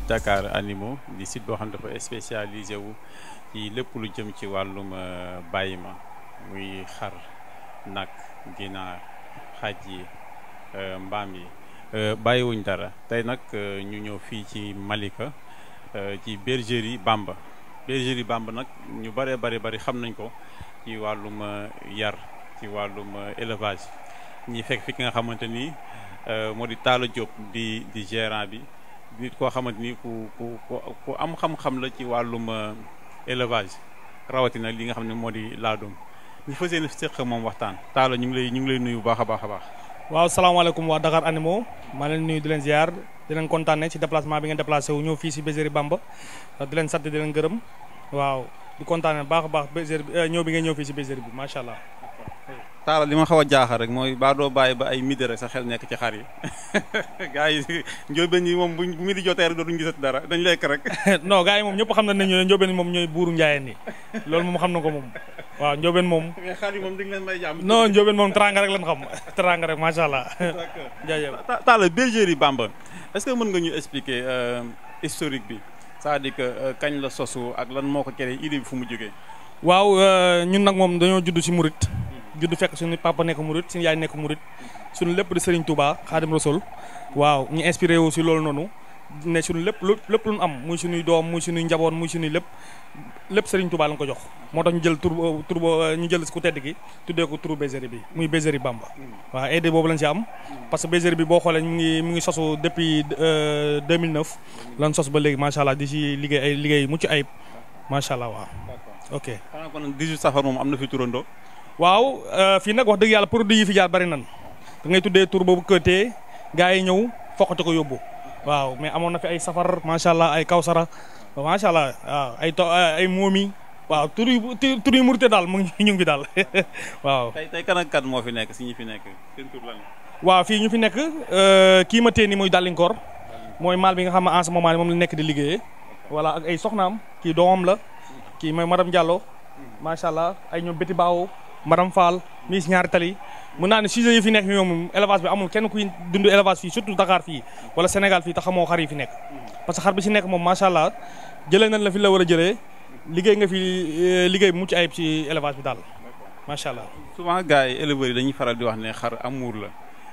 di Dakar Animaux di site boo xam ne dafa spécialisé wu ci lépp lu jëm ci wàllum euh, bàyyi ma muy xar nag ginaar xaj yi euh, mbaam yi euh, bàyyiwuñ dara tey nag ñu ñëw fii ci Malika ci bergerie Bamba bergerie bàmb nag ñu bëree bëri bëri xam nañ ko ci wàllum yar ci wàllum élevage ñi fekk fi ki nga xamante ni moo di Talla Diop di di gérant bi nit koo xamante ni ku ku ku am xam-xam la ci wàllum euh, élevage rawatina li nga xam ne moo di laadum ñu fas yéene séq moom waxtaan. Talla ñu ngi lay ñu ngi lay nuyu baax a baax a baax. waaw salaamaaleykum waa Dakar Animaux ma leen nuyu di leen ziar di leen kontaanee ci déplacement bi ngeen déplacé wu ñëw fii si Bergerie Bamba di leen sant di leen gërëm waaw di kontaanee baax a baax Bergerie euh, ñëw bi ngeen ñëw fii si Bergerie bi macha allah. taala li ma xaw jaaxal rek moy ba do baye ba ay midi rek sa xel nek ci xar yi gaay yi yi mom bu midi jotee rek do dootuñu gisat dara dañ lek rek non gaay mom moom xam na ne njóobeen mom ñoy buru njaayeen ni lool mom xam na ko mom wa njóobeen mom xar yi mom dañ leen may jam non njóobeen mom trang rek lañ xam trang rek macha allah jaajëf taala bergerie Bamba est-ce que mën nga ñu expliquer euh historique bi ça dit que euh, kañ la sosu ak lan moko kéré créé idée fu mu jógee waaw euh, ñun nak mom dañoo judd ci mouride hmm. du fekk suñu papa nekk murit suñu yaay nekk lépp di Serigne Touba Xaadim Rasul waaw ñu inspiré wu si loolu noonu ne suñu lépp lu lépp lu ñu am muy suñuy doom muy suñuy njaboot muy suñuy lépp lépp Serigne Touba lañ ko jox moo tax ñu jël tur tur ñu jël ku tedd gi tuddee ko turu bi muy Bergerie Bamba. waaw aide boobu lañ si am. parce que Bergerie bi boo xoolee mu ngi mu ngi sosu depuis 2009. Euh, lan sos ba léegi macha allah di si liggéey ay liggéey mucc ayib macha allah waaw. ok xanaa kon 18 moom am na fi turandoo. waaw eh, fina nak wax deug yalla produit yi fi jaar bari nan da ngay tuddé tour bobu côté gaay ñew ñëw foqate ko yobbu waaw mais amon na fi ay safar macha allah ay kawsara ay ay moomi waaw tour yu tur yu murte mo ngi ñu ngi dal waaw. tay tay kan ak kan moo fi nek si ñi fi nek seen tour lan waaw fi ñu fi euh eh, ki ma téni moy muy moy mal bi nga xam ne en ce moment mom la di liggéey wala ak ay soxnam kii doomam la kii mooy madame Diallo macha allah ay ñom beti Bawo. madame Fall Miss ñaari tali mën naa ne sujet yi fi nekk ñoom moom élevage bi amul kenn kuy dund élevage fii surtout Dakar fii wala Sénégal fii te xamoo xar yi fi nekk. parce que xar bi si nekk moom macha allah jëlee nañ la fi la war a jëlee liggéey nga fi euh, liggéey mucc ayib ci élevage bi daal macha allah. souvent gars yi éleveurs yi dañuy faral di wax ne xar amur la.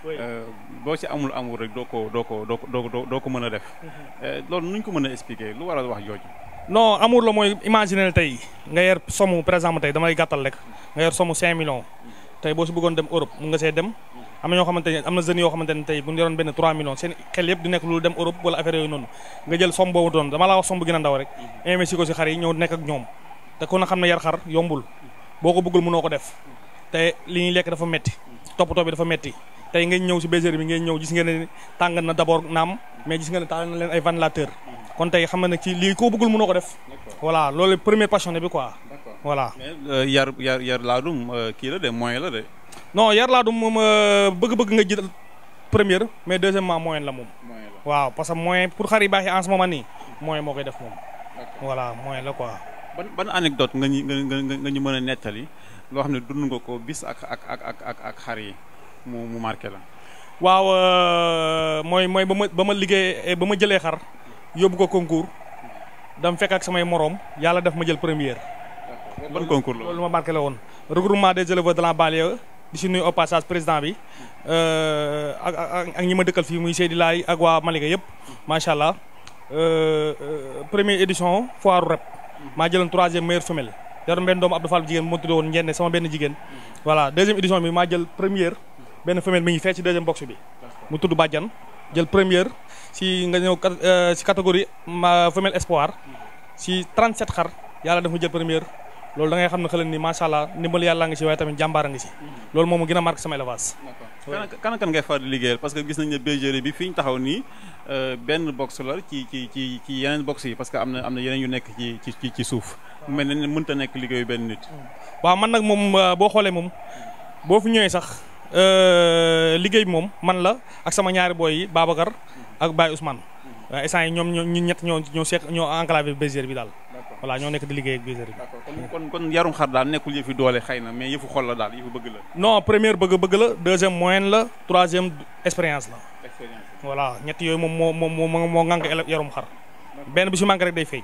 Euh, boo si amul amuur rek doo ko doo ko doo ko doo ko mën a def. Mhm. Euh, loolu nuñ ko mën a expliquer lu waral wax jooju. non amour la mooy imaginer tey nga yor somu par exemple tey damay gàttal rek nga yor somu 5 millions tey boo si bëggoon dem Europe mun nga see dem am na ñoo xamante ne am na jeunes yoo xamante ne tey nga te ku na xam ne yar xar boo ko bëggul mënoo ko def li ñuy lekk dafa metti toppatoo bi dafa metti tey ngeen ñëw si bergerie bi ngeen ñëw gis ngeen ne tàng na d'abord naam mais gis ngeen ne tàng na leen ay ventilateur kon tay xam na ne kii lii bëggul mëno ko def voilà lolé premier passionné bi quoi voilà euh, yar yar yar dum euh, ki la de moyen la dé non yar dum moom euh, bëgg-bëgg nga jël premier mais deuxièmement moyen la mom waaw parce que moyen pour xari yi baax en ce moment ni moyen mo koy def mom voilà moyen la quoi ban ban anecdote nga nga nga ñu mëna netali lo xamné dund nga ko bis ak ak ak ak ak ak xari yi mu mu marqué la waaw moy moy bama bama liggé bama jëlé xar yóbbu ko concours dam fek ak samay morom yalla def ma jël premier bon concours lolou ma marqué la woon. regroupement des éleveurs de la banlieue di ci nuy au passage président bi euh ak ñima dekkal fi muy Seydi lay ak wa Malika yëpp machallah euh, euh premier édition foire rep maa 3e meilleure femelle. yoroon benn doomu Abdou Fall jigen mo ma won ñenn sama benn jigen voilà deuxième édition bi ma jël premier benn femelle mi ngi fee ci deuxième box bi mu tuddu badjan jël première ci nga ñëw ci euh, catégorie femelle espoir ci 37 xar yalla dafa jël première loolu da ngay xamne ne ni machallah allah ndimbal yàlla nga ci way tamit jambar nga ci loolu momu gëna a sama élevage kan kan, kan ngay faal di parce que gis nañ ne bjr bi fiñ taxaw ni euh, ben box la ci ci ci ci yeneen box yi parce que amna amna am yeneen yu nekk ci ci ci souf mel na mënta nekk liggéeyu ben nit wa man nak mom bo xolé mom bo fi ñëwé sax euh liggéey bi moom man la ak sama ñaari booy yi Babacar ak Baye Ousmane waaw instant yi ñoom ñoo ñu ñett ñoo ñoo seq ñoo enclavé Bergerie bi daal voilà ñoo nekk di liggéey ak Bergerie bi kon kon yarum xar daal nekkul yëfi doole xëy na mais yëfu xol la daal yëfu bëgg la non première bëgg bëgg la deuxième moyenne la troisième expérience la voilà ñett yooyu moom moo moo moo moo ngànk yarum xar benn bi si manqué rek day feeñ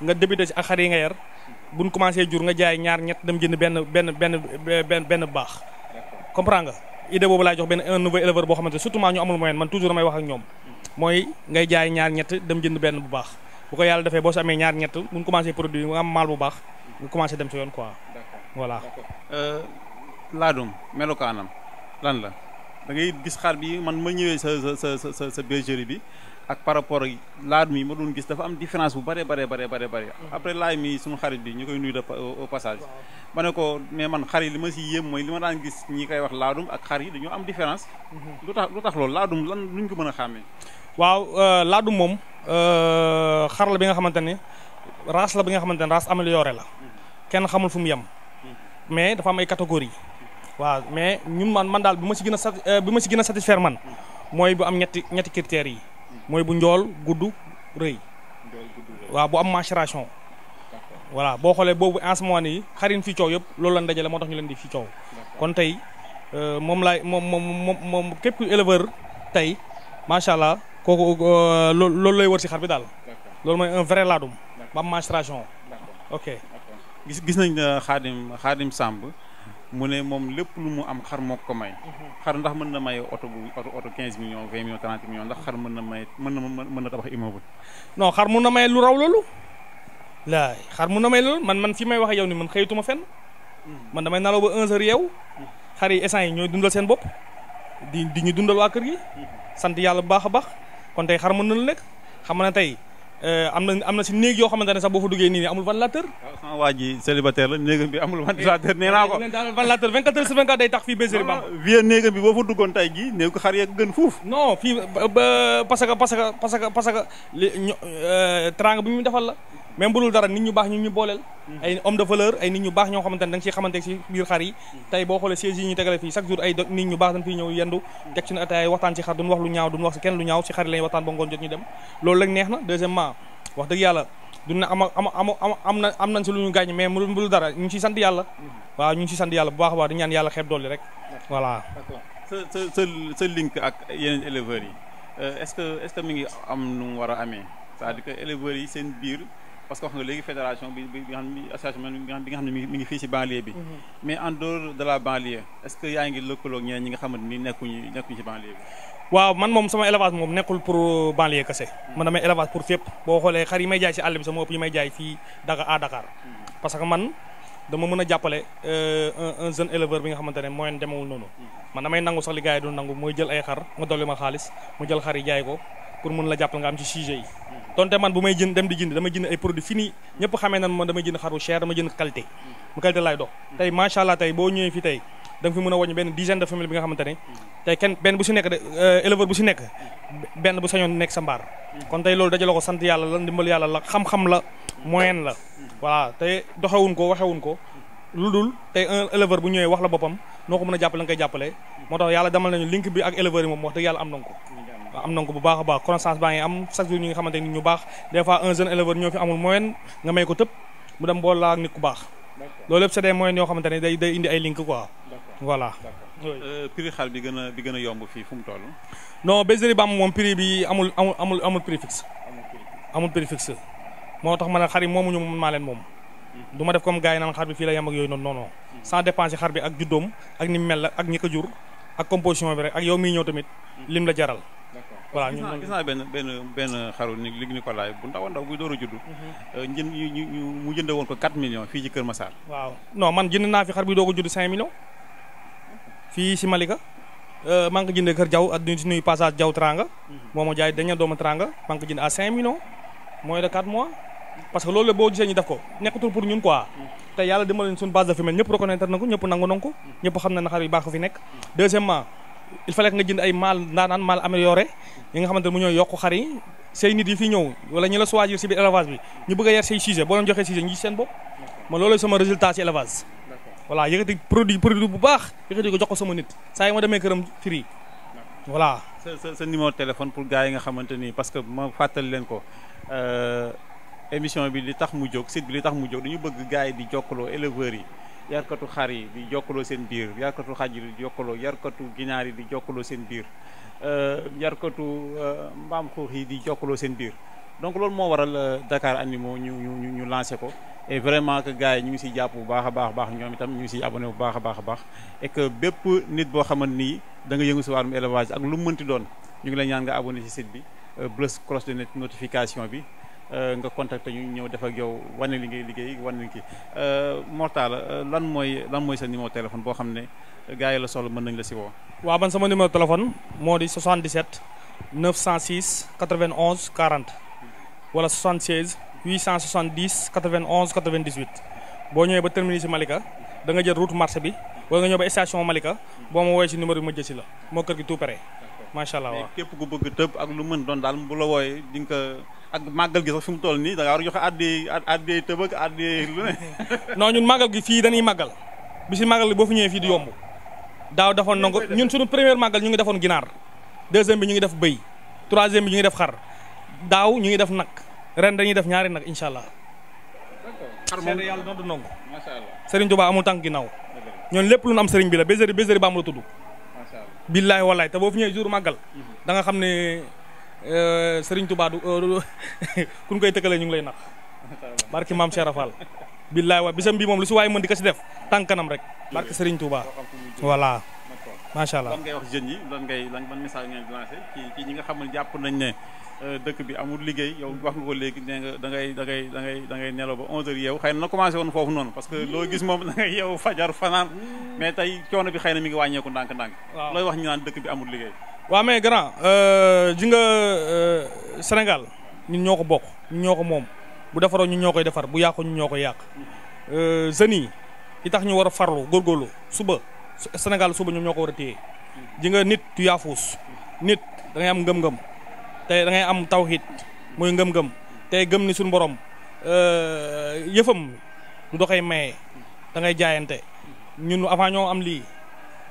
nga débuté ci ak yi nga yar buñ commencé jour nga jaay ñaar ñet dem jënd ben ben ben ben ben bax comprends nga idée bobu la jox ben un nouveau éleveur bo xamante surtout ma ñu amul moyen man toujours may wax ak ñom moy ngay jaay ñaar ñet dem jënd ben bu bax bu ko yalla défé bo si amee ñaar ñet buñ commencé produit nga am mal bu bax nga commencé dem ci yoon quoi voilà euh, laadum melokaanam lan la da ngay gis xaar bi man ma ñëwé sa sa sa sa bergerie bi ak par rapport laaj mi ma doon gis dafa am différence bu bare bare bare bare bare mhm. après laaj mi suñu xarit bi ñukoy koy nuyu au passage mané ko mais man xar li ma si yem moy li ma daan gis ñi koy wax laadum ak xar dañu am différence lutax mhm. lutax lool tax laadum lan luñ ko mën a xàmmee waaw euh, laadum euh xar la bi nga xamante ne race la bi nga xamante ne race la mhm. kenn xamul fu mu yam mais dafa am ay catégorie waaw mais ñun man man dal bima ci gëna euh, bima ci gëna satisfaire man moy bu am ñetti ñetti critères yi mooy bu njool gudd rëy. waaw bu am macération. voilà boo xoolee boobu en ce moment nii xarin fii coow yëpp loolu lañ dajale moo tax ñu leen di fii coow. kon tey euh, moom laay moom moom moom képp ku tey macha allah kooku euh, loolu lay wër si xar bi daal. loolu mooy un vrai laadum. ba am macération. ok gis nañ Xaadim euh, Xaadim mu ne moom lépp lu mu am xar moo ko may. Mhm. xar ndax mën na may oto bu oto oto quinze millions vingt millions trente millions ndax xar mën na may mën na mën na tabax immeuble. non xar mun na may lu raw loolu. laay xar mu na may loolu man man fi may wax yow ni man xëyituma fenn. Mhm. man damay nalaw ba 11 heures yeewu. Mhm. xar yi essence yi ñooy dundal seen bopp. di di ñu dundal waa kër gi. sant yàlla bu baax a baax kon tey xar mën na lu nekk xam na tey. Euh, am na am na si néeg yoo xamante ne sax boo fa duggee nii nii amul ventilateur. waaw sama waa la néegam bi amul ventilateur nee naa ko. daal ventilateur 24 heures sur 24 day tax fii Bergerie Bamba. vieux néegam bi boo fa duggoon tey jii néegu xar yeeg gën fuuf. non fii ba parce que parce que parce que parce que li ñu euh, teranga bi mu defal la. même bu dul dara nit ñu baax ñu ñu booleel ay homme de valeur ay nit ñu baax ñoo xamante ne da nga ciy xamante si biir xar yi tey boo xoolee siège yi ñu tegale fii chaque jour ay nit ñu baax dañ fiy ñëw yendu teg ci na ataay waxtaan ci xar duñ wax lu ñaaw duñ wax kenn lu ñaaw si xar yi lañuy waxtaan ba ngoon jot ñu dem loolu lañ neex na deuxièmement wax dëgg yàlla du na ama ama ama am na am nañ si lu ñu gàññ mais mu dul dara ñu ngi ciy sant yàlla waaw ñu ngi ciy sant yàlla sa sa sa sa ak yeneen yi euh, est-ce mi ngi am mu war a amee c'est-à-dire yi seen biir parce que wax nga léegi fédération bi bi nga xam ne mi ngi fii ci banlieue bi. Mhm. mais en dehors de est-ce que yaa ngi lëkkaloo ak ñeneen ñi nga xamante ni nekkuñu nekkuñu ci banlieue bi. waaw man moom sama élevage moom nekkul pour euh, banlieue kese. Mhm. man damay élevage pour fépp boo xoolee xar yi may jaay ci àll bi sama ëpp yi may jaay fii Dakar à Dakar. Mhm. parce que man dama mën a jàppale euh, un un jeune éleveur bi nga xamante ne moyen demewul noonu. man damay nangu sax li gars yi du nangu mooy jël ay xar ma xaalis mu jaay ko pour mën la jàppal nga am donte man bu may jënd dem di jënd damay jënd ay produits fini ñëpp xamee nan man damay jënd xaru cher damay jënd qualité mu qualité laay dox mm. tey macha allah tey boo ñëwee fi tey da nga fi mën a wàññi benn dizaine de famille bi nga xamante tey kenn benn bu si nekk euh, éleveur bu si nekk benn bu sañoon nekk sa mbaar mm. kon tey loolu dajale ko sant yàlla la ndimbal yàlla la xam-xam la moyen la mm. voilà tey doxewun ko waxewun ko lu dul tey un éleveur bu ñëwee wax la boppam noo a jàppale nga koy jàppale moo am na bu baax a baax connaissance baa ngi am chaque jour ñi nga xamante ni ñu baax des fois un jeune éleveur ñoo fi amul moyen nga may ko tëb mu dem bool laa nit ku baax loolu yëpp c'est des moyens yoo xamante ne day day indi ay link quoi voilà euh, prix xar bi gën a bi gën a yomb fii fu mu toll non bergerie ba am moom prix bi amul amul amul amul prix fixe amul moo tax ma ne xar yi moomuñu moom maa leen moom hmm. du ma def comme gars yi naan xar bi fii la yem ak yooyu noonu non non hmm. sans dépenser xar bi ak juddoom ak ni mel la ak ñi ko jur ak ak yow miy ñëw tamit hmm. lim la jaral voilà gis naa gis naa benn benn benn xaru ni Luc Nicolaï bu ndaw a ndaw buy door a judd. njën mhm. ñu ñu mu jënde woon ko 4 millions fii ci a judd 5 millions fii si Malika. Euh, maa ngi ko jëndee kër Diaw ak di nuyu passage Diaw Tranga. Mhm. moo jaay dañu doomu Tranga maa ngi jënd à 5 millions. moins de 4 mois. parce que loolu boo gisee ñu def ko nekkatul pour ñun quoi. Mhm. te yàlla dama leen suñu base de femelle ñëpp reconnaître na ko ñëpp nangu na ko. xam na ne xar baax fi nekk. il fallait nga jënd ay maal ndaanaan maal amélioré yi nga xamante ne mu ñooy yokk xar yi say nit yi fi ñëw wala ñu la choisir si biir élevage bi ñu bëgg a yar say sujet boo doon joxee sujet ñu gis seen bopp ma loolu sama résultat si élevage voilà yëkkati bu baax ko jox ko sama nit saa yi ma demee këram firi voilà sa sa numéro téléphone pour gars yi nga xamante ni parce que ma fàttali leen ko euh, émission bi li tax mu jóg site bi li tax mu jóg dañu bëgg gaa yi di jokkaloo éleveurs yi yarkatu xar yi di jokkaloo seen biir yarkatu xaj yi di jokkaloo yarkatu ginaar yi di jokkaloo seen biir euh, yarkatu euh, mbaam xuux yi di jokkaloo seen biir donc loolu moo waral euh, Dakar Animaux ñu ñu ñu lancé ko et vraiment que gars yi ñu ngi siy jàpp bu baax a baax baax ñoom itam ñu ngi siy abonné bu baax a baax a baax et que bépp nit boo xamante ni da nga yëngu si wàllum élevage ak lu mu mënti doon ñu ngi lay ñaan nga abonné ci site bi bleu cloche de notification bi. Euh, nga contacter ñu ñëw def ak yow wane liggéey ngay liggéey wane li kii euh, Mortalla euh, lan mooy lan mooy sa numéro téléphone boo xam ne gars yi la soxla mën nañ la si woo. waaw man sama numéro téléphone moo di 77 906 91 40 wala 76 870 91 98 boo ñëwee ba terminer si Malika da nga jël route marché bi wala nga ñëw ba station Malika boo ma woowee si numéro bi ma jël si la moo kër gi tout masha allah mais képp ku bëgg tëb ak lu mën doon daal bu la wooyee di nga ak màggal gi sax fi toll nii da ngaa war joxe tëb ak lu non ñun gi dañuy bi fi di yomb daaw defoon na ñun suñu première màggal ñu ngi defoon ginaar deuxième bi ñu ngi def bëy troisième bi ñu ngi def xar daaw ñu ngi def nag ren dañuy def ñaari nag incha xar moom yàlla dootu nangu. macha Serigne Touba amul lu am Serigne bi la billaay wallaay te boo fi ñëwee jour màggal mhm. da xam ne euh, Serigne Touba du euh, kun koy tëkkalee ñu ngi lay nax barki maam Cheikh Rafal billaay wa bisam moom lu si waay mën di ko si def tànk rek barki Serigne Touba voilà ngay wax jeunes yi lan ngay lan ban ñi nga xam ne nañ ne Euh, dëkk bi amul liggéey yow wax nga ko léegi nee nga da ngay da da ngay da ngay nelaw ba 11 heures yow xëy na na commencé woon foofu noonu parce que hmm. loo gis moom da ngay yow fajar fanaan hmm. mais tey coono bi xëy na mi ngi wàññeeku ndànk-ndànk looy wax ñu naan dëkk bi amul liggéey waaw mais grand euh, ji nga euh, Sénégal ñun ñoo ko bokk ñun ñoo ko moom bu defaroo ñu ñoo koy defar bu yàqu ñun ñoo koy yàq hmm. jeunes yi yi tax ñu war a farlu góorgóorlu suba Sénégal suba ñoom ñoo ko war a téye ji nga nit tu yaafuus nit da am ngëm te da ngay am tawhid muy ngëm-ngëm te gëm ni suñu borom euh, yëfam du doxee maye da ngay jaayante ñun avant ñoo am lii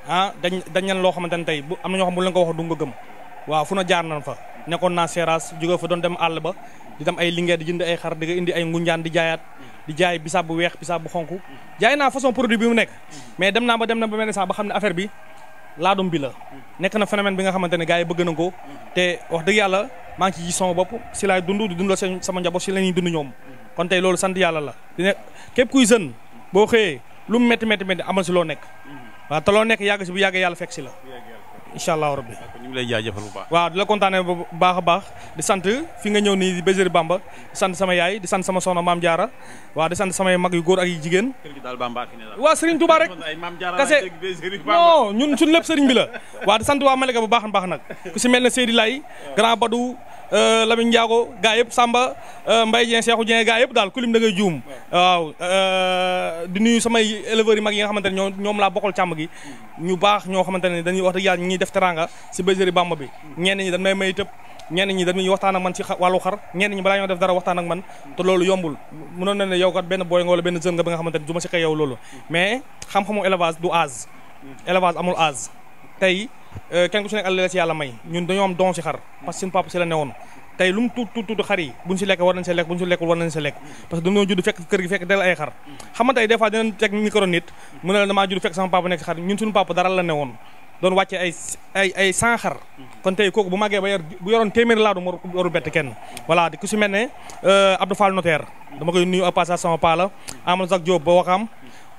ah dañ dañ leen loo xamante ne tey bu am na ñoo xam bu leen ko wax du nga gëm waaw fu na jaar nañ fa nekkoon naa seeraas jóge fa doon dem àll ba di dem ay lingeer di jënd ay xar di nga indi ay ngunjaan di jaayaat di jaay bisaab bu weex bisaab bu xonk jaay naa façon produit bi mu nekk mais dem naa ba dem na ba mel ba xam ne affaire bi laadum bi la nekk na phénomène bi nga xamante ne gars yi bëgg na ko te wax dëgg yàlla maa ngi ci gis bopp si laay dund di dundal seen sama njaboot si la ñuy dund ñoom kon tey loolu sant yàlla la képp kuy jeune boo xëyee lu mu métti métti métti amal si loo nekk mm-hmm. waaw te loo nekk yàgg si bu yàggee yàlla fekk si la incha allahu rabbi ñu lay bu baax waaw di la kontaane bu baax baax di fi nga di Bamba di sama yaay di sant sama soxna Maam Jaara waaw di mag yu ak yu gi Bamba ak ne waaw Serigne Touba rek kase non ñun suñu lépp Serigne bi la waaw di sant waa Malika bu baax baax ku Seydi Lay Grand Badou euh, Lamine Samba euh, Mbaye Dieng Cheikhou Dieng gaa dal kulim da ngay juum waaw euh, di nuyu samay éleveurs yi mag yi nga xamante ne ñoom laa bokkal gi ñu baax dañuy wax def teranga bergerie Bamba bi ñenn ñi dañ may may tëb ñenn ñi dañuy waxtaan ak man ci wàllu xar ñenn ñi balaa ñoo def dara waxtaan ak man te loolu yombul mënoon si xëy yow si euh, xar parce suñu papa si la newoon tey lu mu tuut xar yi buñ si si lekk war nañ si lekk parce que dañoo judd fekk del ay xar xam nga tey des teg micro nit mu ne la damaa judd fekk sama papa nekk xar ñun suñu papa dara la newoon doon wàcce ay ay ay cent xar mhm. kon te kooku bu màggee ba yor bu yoroon téeméeri laadu mu waru bett kenn voilà ku si mel ne euh, Abdou Fall notaire dama koy nuyu au passage sama paa la Amadou Zak Diop ba waxaam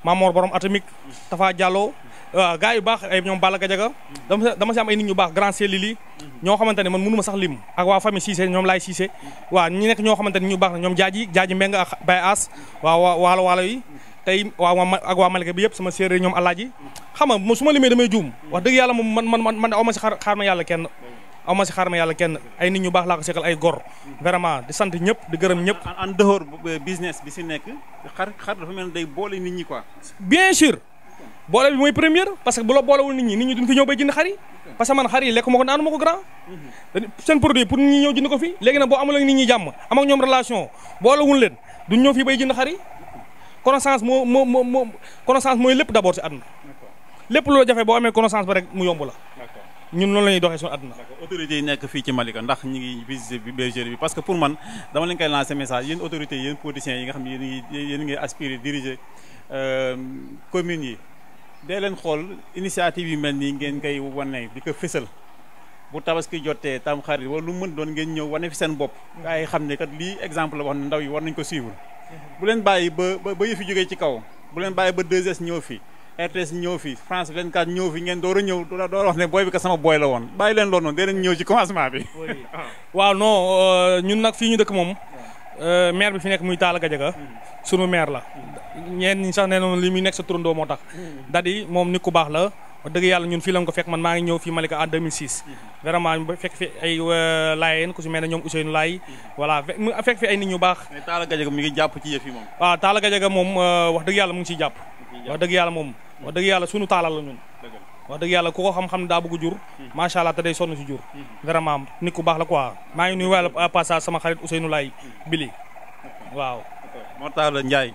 Mamor borom atomique Tafa Diallo waaw euh, gars baax ay ñoom Balla Gadiaga mhm. dama dama si am ay nit ñu baax grand Céline Lili mhm. ñoo xamante ne man mënuma sax lim ak waa famille Cissé ñoom laay Cissé waaw ñi nekk ñoo ne ñu baax na ñoom jaaji jaaji Mbengue ak Baye aas waaw waalo waalo yi tey waaw waa ak waa Malika bi yëpp sama séeréer ñoom alaaji xam nga su ma limee damay juum wax dëgg yàlla moom man man man aw ma si xaar ma yàlla kenn aw ma si xaar yàlla kenn ay nit ñu baax laa ko seqal ay gor vraiment di sant ñëpp di gërëm ñëpp en euh, bi si nekk xar xar dafa mel day boole nit quoi bien sûr boole bi mooy première parce que bu la boolewul nit ñi nit ñi duñ fi ñëw bay jënd xar yi parce que man xar yi lekk ma ko naanu ma ko grand mhm. seen produit pour nit ñi ñëw jënd ko fi léegi nag boo amul ak nit ñi jàmm am ak ñoom relation boolewul leen ñëw fii bay jënd xar yi connaissance moo moo moo moo connaissance mooy lépp d'abord ci àdduna lépp loo jafe boo amee connaissance ba rek mu yomb la ñun loolu la ñuy doxee suñu àdduna autorités yi nekk fii ci Malika ndax ñi ngi visité bi bergerie bi parce que pour man dama leen koy lancer message yéen autorités yéen politiciens yi nga xam ne ngi yéen ngi aspirer euh, communes yi dee leen xool initiative yi mel nii ngeen koy wane bi ko fësal bu tabaski jotee tam xarit wala lu mën doon ngeen ñëw wane fi seen bopp ay xam ne kat lii exemple la ndaw yi war nañ ko suivre bu leen bàyyi ba ba ba yëfi jógee ci kaw bu leen bàyyi ba 2 ñëw fi RTS ñëw fi France 24 ñëw fi ngeen door a ñëw door a wax ne booy bi ka sama booy la woon bàyyi leen loolu noonu dee leen ñëw ci commencement bi. Ah. waaw non euh, ñun nag fii ñu dëkk moom. Euh, maire bi fi nekk muy Talla Gadiaga mm. sunu maire la. ñeen ñi sax nee na li muy nekk sa turandoo moo tax. Mm. dadi moom nit ku baax la. wax dëgg yàlla ñun fii la ko fekk man maa ngi ñëw fii Malika en 2006 mhm. vraiment fekk fi ay euh, laayeen ku si mel ne ñoom Ousseynou Laay mhm. voilà fekk fi ay nit ñu baax Talla Gadiaga mi ngi jàpp ci yi moom waaw Talla moom euh, wax dëgg yàlla mu ngi ciy jàpp wax dëgg yàlla moom mhm. wax dëgg yàlla sunu taalal la ñun wax dëgg yàlla ku ko xam-xam ne daa bëgg jur macha allah te day sonn si jur vraiment nit ku baax la quoi maa ngi nuyu wàlla passage sama xarit Ousseynou Laay Bili waaw Mortala Ndiaye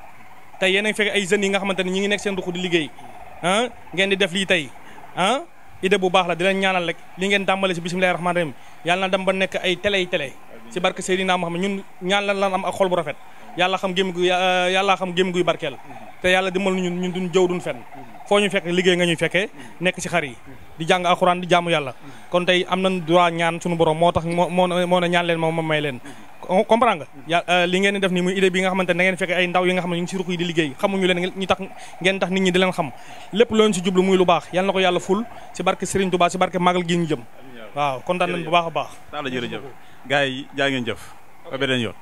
tay yéen a ngi ay jeune yi nga xamanteni ñi ngi nek seen ruq di liggéey ah ngeen di def li tay ah ide bu baax la di leen ñaanal rek li ngeen tàmbale ci bismillahir rahmanir rahim yalla na dam ba nek ay télé télé ci barke Seydina Muhammad ñun ñaan lan lan am ak xol bu rafet yalla xam gem gu ah, yalla xam gémm guy barkel te yàlla dimbal ñun ñun duñ jow duñ fenn fo ñu fekk liggéey nga ñu fekkee nek ci xari di jang alcorane di jamu yalla kon tay amna droit ñaan suñu borom moo tax mo na ñaan leen mo may leen comprendre nga euh, li ngeen def ni muy idée bi nga xamante ndaw yi nga xam si ruq yi di liggéey xamuñu leen ñu tax ngeen tax nit ñi di leen xam lépp loon si jublu muy lu baax yal ko yàlla ful si barke Serigne Touba si barke Magal gi ñu jëm waaw kontaan nañ bu baax a baax daal jërëjëf ngeen jëf ba beneen yoon